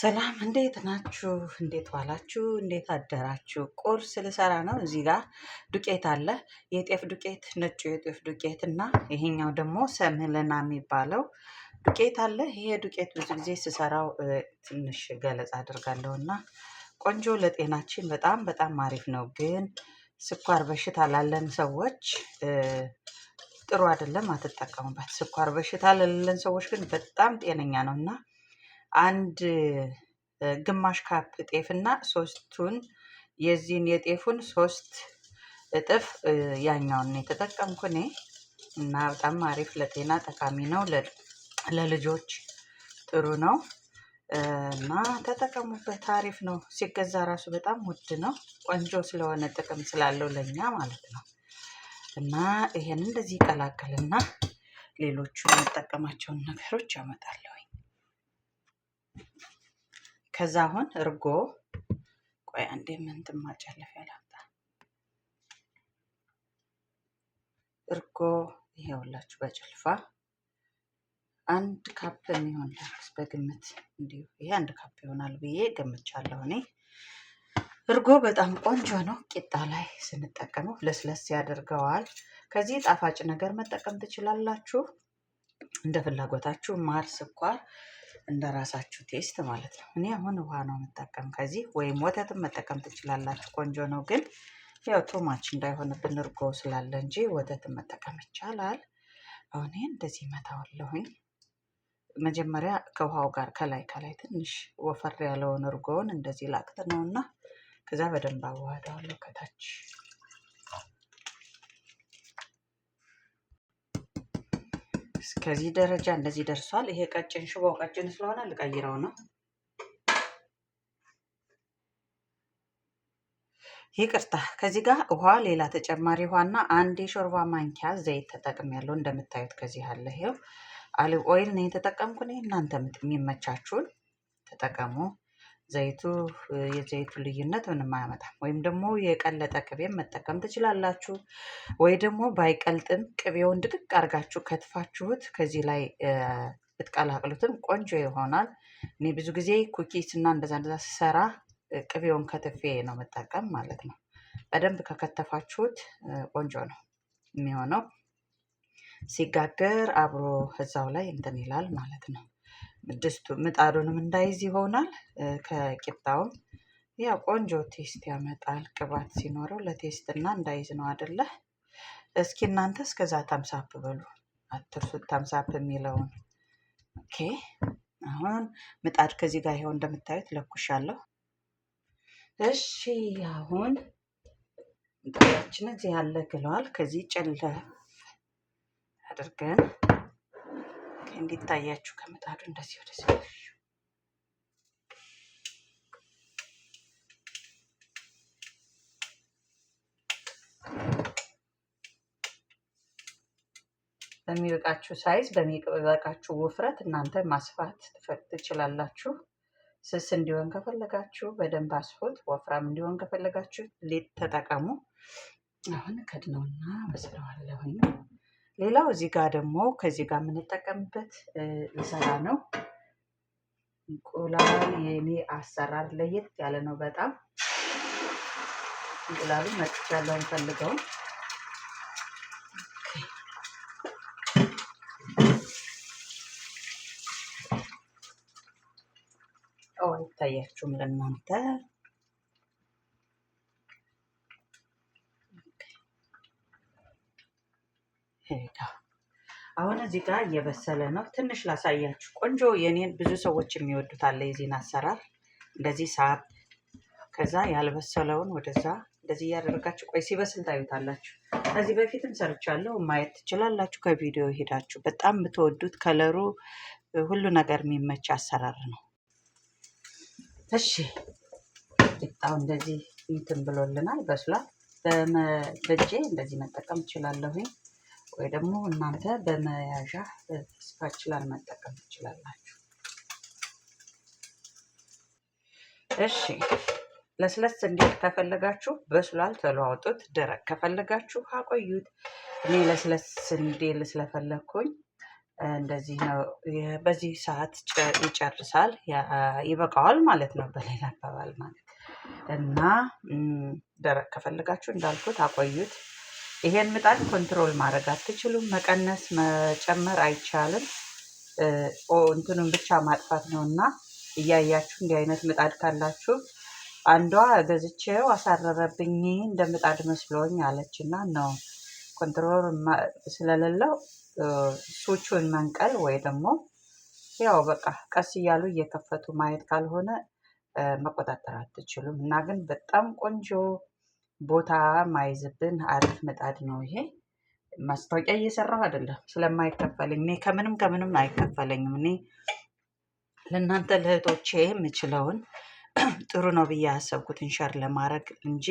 ሰላም እንዴት ናችሁ? እንዴት ዋላችሁ? እንዴት አደራችሁ? ቁርስ ልሰራ ነው። እዚህ ጋር ዱቄት አለ፣ የጤፍ ዱቄት፣ ነጩ የጤፍ ዱቄት እና ይሄኛው ደግሞ ሰምህልና የሚባለው ዱቄት አለ። ይሄ ዱቄት ብዙ ጊዜ ስሰራው ትንሽ ገለጻ አድርጋለሁ እና ቆንጆ ለጤናችን በጣም በጣም አሪፍ ነው፣ ግን ስኳር በሽታ ላለን ሰዎች ጥሩ አይደለም፣ አትጠቀሙበት። ስኳር በሽታ ላለን ሰዎች ግን በጣም ጤነኛ ነው እና አንድ ግማሽ ካፕ እና ሶስቱን የዚህን የጤፉን ሶስት እጥፍ ያኛውን ነው የተጠቀምኩ እኔ እና በጣም አሪፍ ለጤና ጠቃሚ ነው። ለልጆች ጥሩ ነው እና ተጠቀሙበት። አሪፍ ነው። ሲገዛ ራሱ በጣም ውድ ነው። ቆንጆ ስለሆነ ጥቅም ስላለው ለእኛ ማለት ነው እና ይሄን እንደዚህ ይቀላቀልና ሌሎቹ የምጠቀማቸውን ነገሮች ያመጣለሁ። ከዛ አሁን እርጎ ቆይ አንዴ ምን ትማጨለፍ ያላጣ እርጎ ይሄውላችሁ በጭልፋ አንድ ካፕ የሚሆን ደረስ በግምት እንዲሁ ይሄ አንድ ካፕ ይሆናል ብዬ ገምቻለሁ እኔ። እርጎ በጣም ቆንጆ ነው። ቂጣ ላይ ስንጠቀመው ለስለስ ያደርገዋል። ከዚህ ጣፋጭ ነገር መጠቀም ትችላላችሁ እንደ ፍላጎታችሁ፣ ማር፣ ስኳር እንደ ራሳችሁ ቴስት ማለት ነው። እኔ አሁን ውሃ ነው የምጠቀም ከዚህ ወይም ወተትም መጠቀም ትችላላችሁ። ቆንጆ ነው ግን ያው ቶማች እንዳይሆንብን እርጎ ስላለ እንጂ ወተትን መጠቀም ይቻላል። አሁን እንደዚህ መታዋለሁኝ። መጀመሪያ ከውሃው ጋር ከላይ ከላይ ትንሽ ወፈር ያለውን እርጎውን እንደዚህ ላቅጥ ነው እና ከዛ በደንብ አዋህደዋለሁ ከታች እስከዚህ ደረጃ እንደዚህ ደርሷል። ይሄ ቀጭን ሽቦ ቀጭን ስለሆነ ልቀይረው ነው። ይቅርታ ከዚህ ጋር ውሃ ሌላ ተጨማሪ ውሃና አንድ የሾርባ ማንኪያ ዘይት ተጠቅም ያለው እንደምታዩት ከዚህ አለ። ይሄው አሊቭ ኦይል ነው የተጠቀምኩ። እናንተ የሚመቻችሁን ተጠቀሙ። ዘይቱ የዘይቱ ልዩነት ምንም አያመጣም። ወይም ደግሞ የቀለጠ ቅቤም መጠቀም ትችላላችሁ። ወይ ደግሞ ባይቀልጥም ቅቤውን ድቅቅ አድርጋችሁ ከትፋችሁት ከዚህ ላይ ብትቀላቅሉትም ቆንጆ ይሆናል። እኔ ብዙ ጊዜ ኩኪስ እና እንደዛ እንደዛ ስሰራ ቅቤውን ከትፌ ነው መጠቀም ማለት ነው። በደንብ ከከተፋችሁት ቆንጆ ነው የሚሆነው። ሲጋገር አብሮ እዛው ላይ እንትን ይላል ማለት ነው። ድስቱ ምጣዱንም እንዳይዝ ይሆናል። ከቂጣውም ያ ቆንጆ ቴስት ያመጣል። ቅባት ሲኖረው ለቴስት እና እንዳይዝ ነው አደለ? እስኪ እናንተ እስከዛ ታምሳፕ በሉ አትርሱት፣ ታምሳፕ የሚለውን ኦኬ። አሁን ምጣድ ከዚህ ጋር ይኸው እንደምታዩት ለኩሻለሁ። እሺ አሁን ምጣዳችን እዚህ ያለ ግለዋል። ከዚህ ጨለፍ አድርገን እንዲታያችሁ ከምጣዱ እንደዚህ ወደዚህ በሚበቃችሁ ሳይዝ በሚበቃችሁ ውፍረት እናንተ ማስፋት ትችላላችሁ። ስስ እንዲሆን ከፈለጋችሁ በደንብ አስፎት፣ ወፍራም እንዲሆን ከፈለጋችሁ ሊጥ ተጠቀሙ። አሁን ከድነውና መስለዋለሁኝ። ሌላው እዚህ ጋር ደግሞ ከዚህ ጋር የምንጠቀምበት እንሰራ ነው። እንቁላል የኔ አሰራር ለየት ያለ ነው በጣም እንቁላሉ መጥቻለሁ አንፈልገውም። ይታያችሁ ለእናንተ አሁን እዚህ ጋር እየበሰለ ነው። ትንሽ ላሳያችሁ። ቆንጆ የኔን ብዙ ሰዎች የሚወዱት አለ የዚህን አሰራር እንደዚህ ሳብ፣ ከዛ ያልበሰለውን ወደዛ እንደዚህ እያደረጋችሁ ቆይ፣ ሲበስል ታዩታላችሁ። ከዚህ በፊትም ሰርቻለሁ፣ ማየት ትችላላችሁ ከቪዲዮ ሄዳችሁ። በጣም የምትወዱት ከለሩ፣ ሁሉ ነገር የሚመች አሰራር ነው። እሺ ቂጣው እንደዚህ እንትን ብሎልናል፣ በስሏል። በእጄ እንደዚህ መጠቀም እችላለሁኝ። ወይ ደግሞ እናንተ በመያዣ ስፓችላን መጠቀም ትችላላችሁ። እሺ ለስለስ እንዲል ከፈለጋችሁ በስሏል ተለዋውጡት። ደረቅ ከፈለጋችሁ አቆዩት። እኔ ለስለስ እንዲል ስለፈለግኩኝ እንደዚህ ነው። በዚህ ሰዓት ይጨርሳል፣ ይበቃዋል ማለት ነው፣ በሌላ አባባል ማለት እና ደረቅ ከፈለጋችሁ እንዳልኩት አቆዩት። ይሄን ምጣድ ኮንትሮል ማድረግ አትችሉም። መቀነስ መጨመር አይቻልም። እንትኑን ብቻ ማጥፋት ነው እና እያያችሁ እንዲህ አይነት ምጣድ ካላችሁ አንዷ ገዝቼው አሳረረብኝ እንደ ምጣድ መስሎኝ አለች እና ነው ኮንትሮል ስለሌለው ሱቹን መንቀል ወይ ደግሞ ያው በቃ ቀስ እያሉ እየከፈቱ ማየት ካልሆነ መቆጣጠር አትችሉም እና ግን በጣም ቆንጆ ቦታ ማይዝብን አሪፍ ምጣድ ነው ይሄ። ማስታወቂያ እየሰራሁ አይደለም፣ ስለማይከፈለኝ እኔ ከምንም ከምንም አይከፈለኝም። እኔ ለእናንተ ለእህቶቼ የምችለውን ጥሩ ነው ብዬ ያሰብኩትን ሸር ለማድረግ እንጂ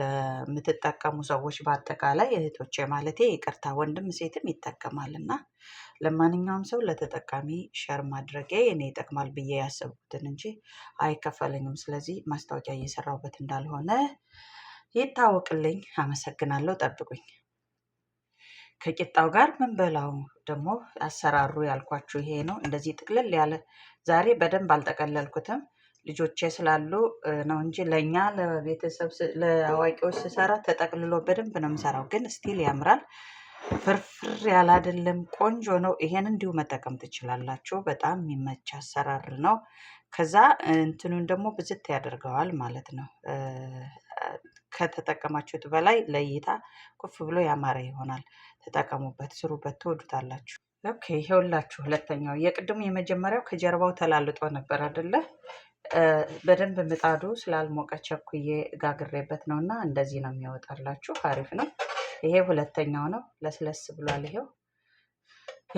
ለምትጠቀሙ ሰዎች በአጠቃላይ እህቶቼ ማለቴ ይቅርታ፣ ወንድም ሴትም ይጠቀማል እና ለማንኛውም ሰው ለተጠቃሚ ሸር ማድረጊያ እኔ ይጠቅማል ብዬ ያሰብኩትን እንጂ አይከፈለኝም። ስለዚህ ማስታወቂያ እየሰራሁበት እንዳልሆነ ይታወቅልኝ። አመሰግናለሁ። ጠብቁኝ። ከቂጣው ጋር ምን በላው ደግሞ አሰራሩ ያልኳችሁ ይሄ ነው። እንደዚህ ጥቅልል ያለ ዛሬ በደንብ አልጠቀለልኩትም። ልጆቼ ስላሉ ነው እንጂ ለእኛ ለቤተሰብ ለአዋቂዎች ስሰራ ተጠቅልሎ በደንብ ነው የምሰራው። ግን ስቲል ያምራል። ፍርፍር ያለ አይደለም፣ ቆንጆ ነው። ይሄን እንዲሁ መጠቀም ትችላላችሁ። በጣም የሚመች አሰራር ነው። ከዛ እንትኑን ደግሞ ብዝት ያደርገዋል ማለት ነው። ከተጠቀማችሁት በላይ ለእይታ ኩፍ ብሎ ያማረ ይሆናል። ተጠቀሙበት፣ ስሩበት፣ ትወዱታላችሁ። ኦኬ ይሄውላችሁ ሁለተኛው የቅድሙ የመጀመሪያው ከጀርባው ተላልጦ ነበር አይደለ? በደንብ ምጣዱ ስላልሞቀ ቸኩዬ ጋግሬበት ነው እና እንደዚህ ነው የሚያወጣላችሁ። አሪፍ ነው። ይሄ ሁለተኛው ነው። ለስለስ ብሏል። ይሄው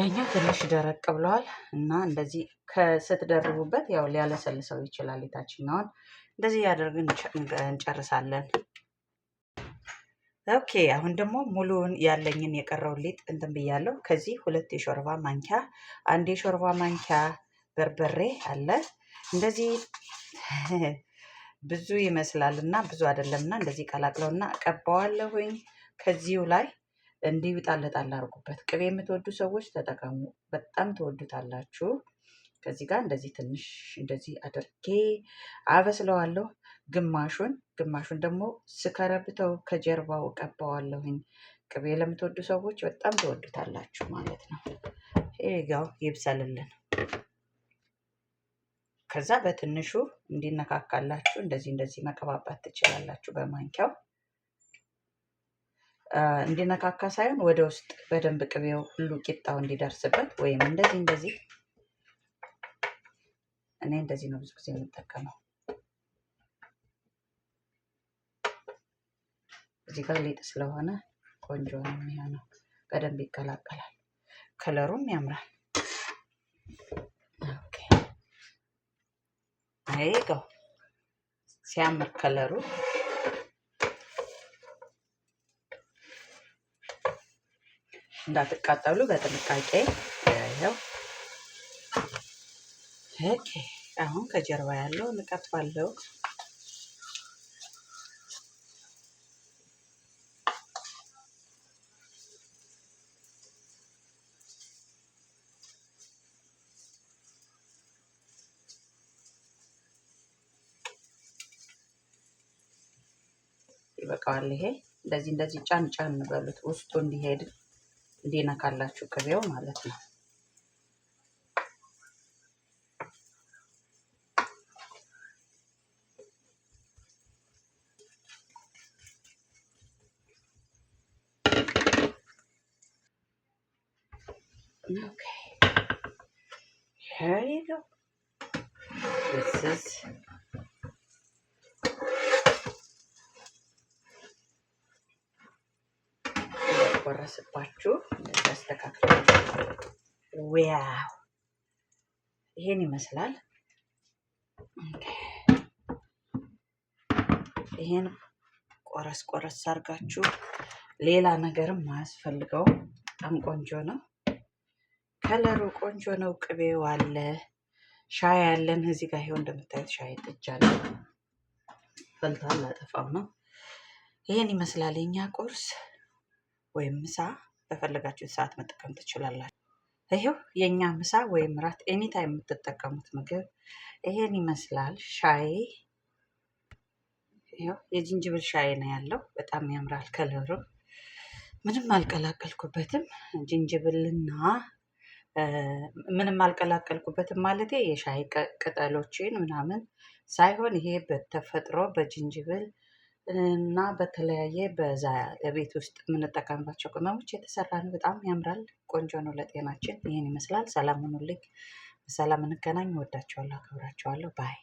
ያኛው ትንሽ ደረቅ ብሏል እና እንደዚህ ከስትደርቡበት ያው ሊያለሰልሰው ይችላል። የታችኛውን እንደዚህ ያደርግን እንጨርሳለን። ኦኬ አሁን ደግሞ ሙሉውን ያለኝን የቀረው ሊጥ እንትን ብያለሁ። ከዚህ ሁለት የሾርባ ማንኪያ አንድ የሾርባ ማንኪያ በርበሬ አለ እንደዚህ ብዙ ይመስላል እና ብዙ አይደለም እና እንደዚህ ቀላቅለውና ቀባዋለሁኝ። ከዚሁ ላይ እንዲህ ጣል አድርጉበት። ቅቤ የምትወዱ ሰዎች ተጠቀሙ፣ በጣም ትወዱታላችሁ። ከዚህ ጋር እንደዚህ ትንሽ እንደዚህ አድርጌ አበስለዋለሁ። ግማሹን ግማሹን ደግሞ ስከረብተው ከጀርባው ቀባዋለሁኝ። ቅቤ ለምትወዱ ሰዎች በጣም ትወዱታላችሁ ማለት ነው። ይሄ ጋው ይብሰልልን። ከዛ በትንሹ እንዲነካካላችሁ እንደዚህ እንደዚህ መቀባባት ትችላላችሁ። በማንኪያው እንዲነካካ ሳይሆን ወደ ውስጥ በደንብ ቅቤው ሁሉ ቂጣው እንዲደርስበት ወይም እንደዚህ እንደዚህ እኔ እንደዚህ ነው ብዙ ጊዜ የምጠቀመው። እዚህ ጋር ሊጥ ስለሆነ ቆንጆ ነው የሚሆነው። በደንብ ይቀላቀላል። ከለሩም ያምራል። ይገው ሲያምር ከለሩ እንዳትቃጠሉ በጥንቃቄ ያው ኦኬ። አሁን ከጀርባ ያለው ንቀት ባለው ይበቃዋል። ይሄ እንደዚህ እንደዚህ ጫን ጫን በሉት ውስጡ እንዲሄድ እንዲነካላችሁ ቅቤው ማለት ነው። Okay. There you go. This is እንዳይቆረስባችሁ እንደዚህ ዋው ይሄን ይመስላል። ይሄን ቆረስ ቆረስ አድርጋችሁ ሌላ ነገርም ማያስፈልገው በጣም ቆንጆ ነው። ከለሩ ቆንጆ ነው። ቅቤው አለ፣ ሻይ ያለን እዚህ ጋር ይሄው እንደምታዩት ሻይ ጥጃ አለ። ፈልቷል፣ አጠፋው ነው። ይሄን ይመስላል የኛ ቁርስ። ወይም ምሳ በፈለጋችሁት ሰዓት መጠቀም ትችላላችሁ። ይሄው የእኛ ምሳ ወይም ራት ኤኒታይም የምትጠቀሙት ምግብ ይሄን ይመስላል። ሻይ ይሄው የዝንጅብል ሻይ ነው ያለው። በጣም ያምራል። ከለሩ ምንም አልቀላቀልኩበትም። ዝንጅብልና ምንም አልቀላቀልኩበትም ማለት የሻይ ቅጠሎችን ምናምን ሳይሆን ይሄ በተፈጥሮ በዝንጅብል እና በተለያየ በዛ ቤት ውስጥ የምንጠቀምባቸው ቅመሞች የተሰራ ነው። በጣም ያምራል፣ ቆንጆ ነው ለጤናችን። ይህን ይመስላል። ሰላም ሁኑልኝ። በሰላም እንገናኝ። እወዳቸዋለሁ፣ አክብራቸዋለሁ። ባይ